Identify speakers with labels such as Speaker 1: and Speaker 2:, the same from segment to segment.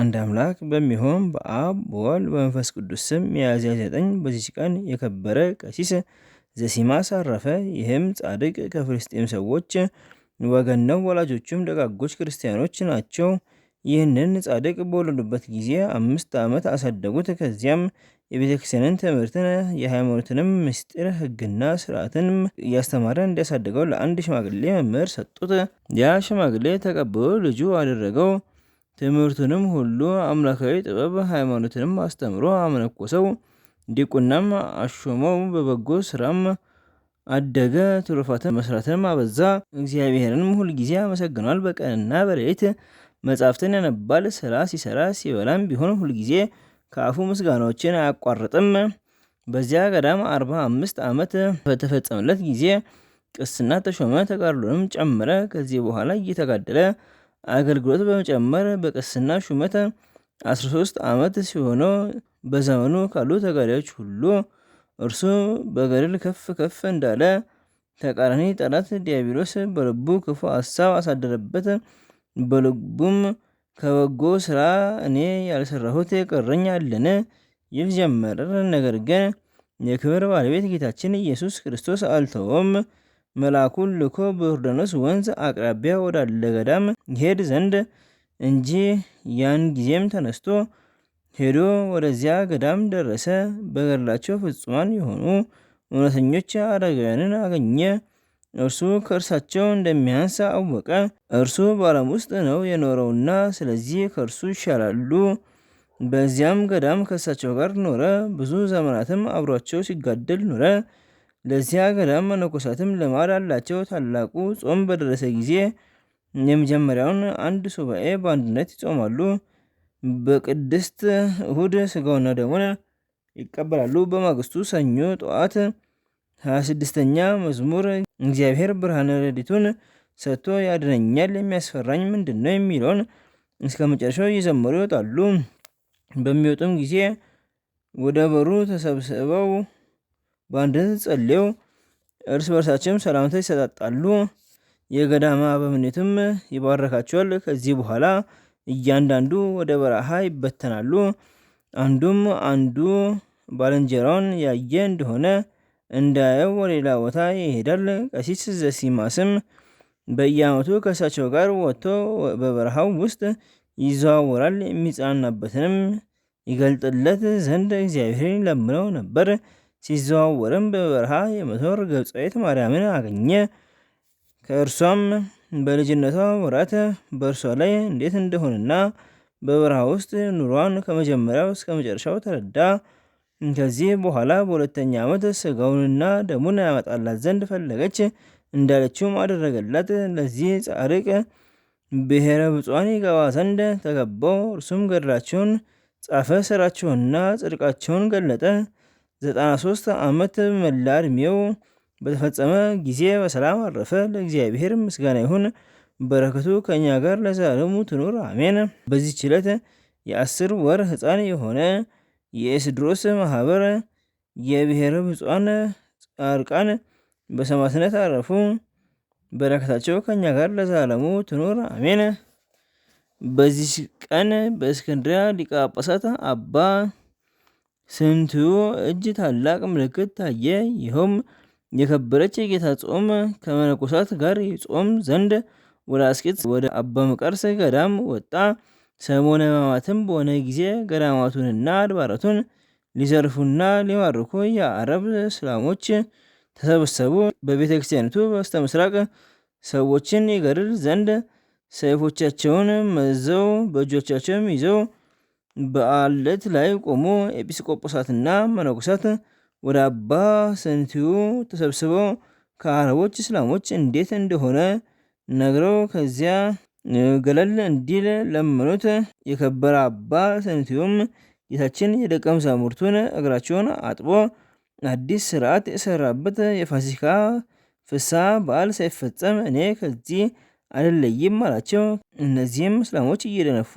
Speaker 1: አንድ አምላክ በሚሆን በአብ በወልድ በመንፈስ ቅዱስ ስም ሚያዝያ ዘጠኝ በዚች ቀን የከበረ ቀሲስ ዘሲማስ አረፈ። ይህም ጻድቅ ከፍልስጤም ሰዎች ወገን ነው። ወላጆቹም ደጋጎች ክርስቲያኖች ናቸው። ይህንን ጻድቅ በወለዱበት ጊዜ አምስት ዓመት አሳደጉት። ከዚያም የቤተክርስቲያንን ትምህርትን የሃይማኖትንም ምስጢር ሕግና ስርዓትን እያስተማረ እንዲያሳድገው ለአንድ ሽማግሌ መምህር ሰጡት። ያ ሽማግሌ ተቀብሎ ልጁ አደረገው። ትምህርቱንም ሁሉ አምላካዊ ጥበብ ሃይማኖትንም አስተምሮ አመነኮሰው። ዲቁናም አሾመው። በበጎ ስራም አደገ። ትሩፋትን መስራትንም አበዛ። እግዚአብሔርንም ሁልጊዜ አመሰግኗል። በቀንና በሌሊት መጻሕፍትን ያነባል። ስራ ሲሰራ ሲበላም ቢሆን ሁልጊዜ ከአፉ ምስጋናዎችን አያቋርጥም። በዚያ ገዳም አርባ አምስት ዓመት በተፈጸመለት ጊዜ ቅስና ተሾመ። ተጋድሎንም ጨመረ። ከዚህ በኋላ እየተጋደለ አገልግሎት በመጨመር በቅስና ሹመት 13 ዓመት ሲሆነው በዘመኑ ካሉ ተጋዳዮች ሁሉ እርሱ በገድል ከፍ ከፍ እንዳለ ተቃራኒ ጠላት ዲያብሎስ በልቡ ክፉ ሀሳብ አሳደረበት። በልቡም ከበጎ ስራ እኔ ያልሰራሁት ቀረኝ አለን ይል ጀመረ። ነገር ግን የክብር ባለቤት ጌታችን ኢየሱስ ክርስቶስ አልተወም። መልአኩን ልኮ በዮርዳኖስ ወንዝ አቅራቢያ ወዳለ ገዳም ይሄድ ዘንድ እንጂ። ያን ጊዜም ተነስቶ ሄዶ ወደዚያ ገዳም ደረሰ። በገድላቸው ፍጹማን የሆኑ እውነተኞች አረጋውያንን አገኘ። እርሱ ከእርሳቸው እንደሚያንስ አወቀ። እርሱ በዓለም ውስጥ ነው የኖረውና ስለዚህ ከእርሱ ይሻላሉ። በዚያም ገዳም ከእርሳቸው ጋር ኖረ። ብዙ ዘመናትም አብሯቸው ሲጋደል ኖረ። ለዚህ ገዳም መነኮሳትም ልማድ አላቸው። ታላቁ ጾም በደረሰ ጊዜ የመጀመሪያውን አንድ ሱባኤ በአንድነት ይጾማሉ። በቅድስት እሁድ ስጋውና ደሙን ይቀበላሉ። በማግስቱ ሰኞ ጠዋት 26 ስድስተኛ መዝሙር እግዚአብሔር ብርሃነ ረድኤቱን ሰጥቶ ያድነኛል የሚያስፈራኝ ምንድን ነው የሚለውን እስከ መጨረሻው እየዘመሩ ይወጣሉ። በሚወጡም ጊዜ ወደ በሩ ተሰብስበው በአንድነት ጸልየው እርስ በርሳቸውም ሰላምታ ይሰጣጣሉ። የገዳማ አበምኔትም ይባረካቸዋል። ከዚህ በኋላ እያንዳንዱ ወደ በረሃ ይበተናሉ። አንዱም አንዱ ባልንጀራውን ያየ እንደሆነ እንዳየው ወደ ሌላ ቦታ ይሄዳል። ቀሲስ ዘሲማስም በየዓመቱ ከእሳቸው ጋር ወጥቶ በበረሃው ውስጥ ይዘዋወራል። የሚጽናናበትንም ይገልጥለት ዘንድ እግዚአብሔርን ለምነው ነበር። ሲዘዋወርም በበረሃ የምትኖር ግብፃዊት ማርያምን አገኘ። ከእርሷም በልጅነቷ ወራት በእርሷ ላይ እንዴት እንደሆነና በበረሃ ውስጥ ኑሯን ከመጀመሪያው እስከ መጨረሻው ተረዳ። ከዚህ በኋላ በሁለተኛ ዓመት ስጋውንና ደሙን ያመጣላት ዘንድ ፈለገች፣ እንዳለችውም አደረገላት። ለዚህ ጻድቅ ብሔረ ብፁዓን ይገባ ዘንድ ተገባው። እርሱም ገድላቸውን ጻፈ፣ ስራቸውንና ጽድቃቸውን ገለጠ። 93 ዓመት መላ ዕድሜው በተፈጸመ ጊዜ በሰላም አረፈ። ለእግዚአብሔር ምስጋና ይሁን፣ በረከቱ ከእኛ ጋር ለዘላለሙ ትኑር አሜን። በዚህች ችለት የአስር ወር ሕፃን የሆነ የኤስድሮስ ማህበር የብሔረ ብፁዓን ጻድቃን በሰማዕትነት አረፉ። በረከታቸው ከእኛ ጋር ለዘላለሙ ትኑር አሜን። በዚህ ቀን በእስክንድሪያ ሊቀ ጳጳሳት አባ ስንቱ እጅ ታላቅ ምልክት ታየ። ይኸውም የከበረች የጌታ ጾም ከመነኮሳት ጋር ይጾም ዘንድ ወደ አስቄት ወደ አባ መቃርስ ገዳም ወጣ። ሰሞነ ሕማማትም በሆነ ጊዜ ገዳማቱንና አድባራቱን ሊዘርፉና ሊማርኩ የአረብ እስላሞች ተሰበሰቡ። በቤተ ክርስቲያኒቱ በስተ ምስራቅ ሰዎችን ይገድል ዘንድ ሰይፎቻቸውን መዘው በእጆቻቸውም ይዘው በአለት ላይ ቆሞ ኤጲስቆጶሳትና መነኮሳት ወደ አባ ሰንቲዩ ተሰብስበው ከአረቦች እስላሞች እንዴት እንደሆነ ነግረው ከዚያ ገለል እንዲል ለመኑት። የከበረ አባ ሰንቲዩም ጌታችን የደቀ መዛሙርቱን እግራቸውን አጥቦ አዲስ ስርዓት የሰራበት የፋሲካ ፍሳ በዓል ሳይፈጸም እኔ ከዚህ አልለይም አላቸው። እነዚህም እስላሞች እየደነፉ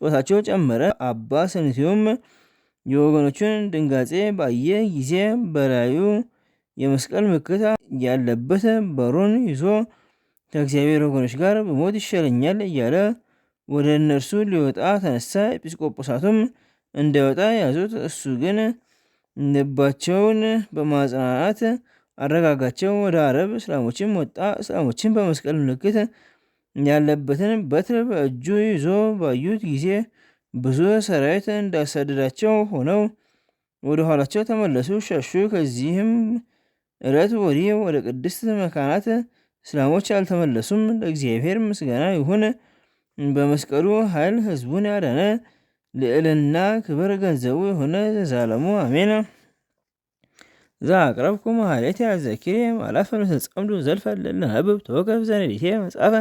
Speaker 1: ጩኸታቸው ጨመረ። አባ ሰኑሲውም የወገኖቹን ድንጋጼ ባየ ጊዜ በላዩ የመስቀል ምልክት ያለበት በሮን ይዞ ከእግዚአብሔር ወገኖች ጋር በሞት ይሻለኛል እያለ ወደ እነርሱ ሊወጣ ተነሳ። ኤጲስቆጶሳቱም እንዳይወጣ ያዙት። እሱ ግን ልባቸውን በማጽናናት አረጋጋቸው። ወደ አረብ እስላሞችም ወጣ። እስላሞችን በመስቀል ምልክት ያለበትን በትር በእጁ ይዞ ባዩት ጊዜ ብዙ ሰራዊት እንዳሳደዳቸው ሆነው ወደ ኋላቸው ተመለሱ፣ ሸሹ። ከዚህም ዕለት ወዲህ ወደ ቅድስት መካናት እስላሞች አልተመለሱም። ለእግዚአብሔር ምስጋና ይሁን። በመስቀሉ ኃይል ሕዝቡን ያዳነ ልዕልና ክብር ገንዘቡ የሆነ ዘዛለሙ አሜን።
Speaker 2: ዛ አቅረብኩ ማህሌት ያዘኪሬ ማላፈ ጸምዱ ዘልፈ ለለናብብ ተወከፍ ዘነዲቴ መጽሐፈ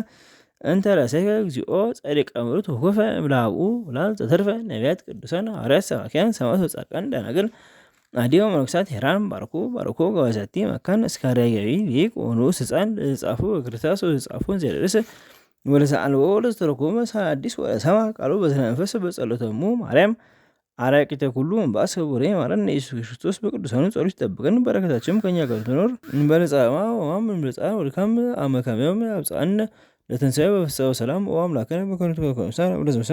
Speaker 2: እንተ ረሰከ እግዚኦ ጸዲቀ ምሩት ወኮፈ እምላብኡ ወላል ዘተርፈ ነቢያት ቅዱሳን ሐዋርያት ሰባክያን ሰማዕት ወጻድቃን ደናግል አዲዮ መነኮሳት ሄራን ባርኩ ባርኩ ገባዛቲ መካን እስካርያ ገቢ ሊቅ ወንዑስ ሕፃን ለዝጻፉ እግርታስ ወዝጻፉን ዘደርስ ወለዘአልቦ ወለዘተረጎመ ሳአዲስ ወለሰማ ቃሉ በዝነ መንፈስ በጸሎተሙ ማርያም አራቂተ ኩሉ እምባእሰ ቡሬ ማረን ኢየሱስ ክርስቶስ በቅዱሳኑ ጸሎት ይጠብቀን። በረከታችንም ከእኛ ጋር ትኖር እንበለጻማ ወማም እንብልጻ ወድካም አመካሚያም አብጽሐነ ለትንሣኤ በፍስሐው ሰላም ወአምላከነ በኮነ በኮነ ሰዓት ወለዘ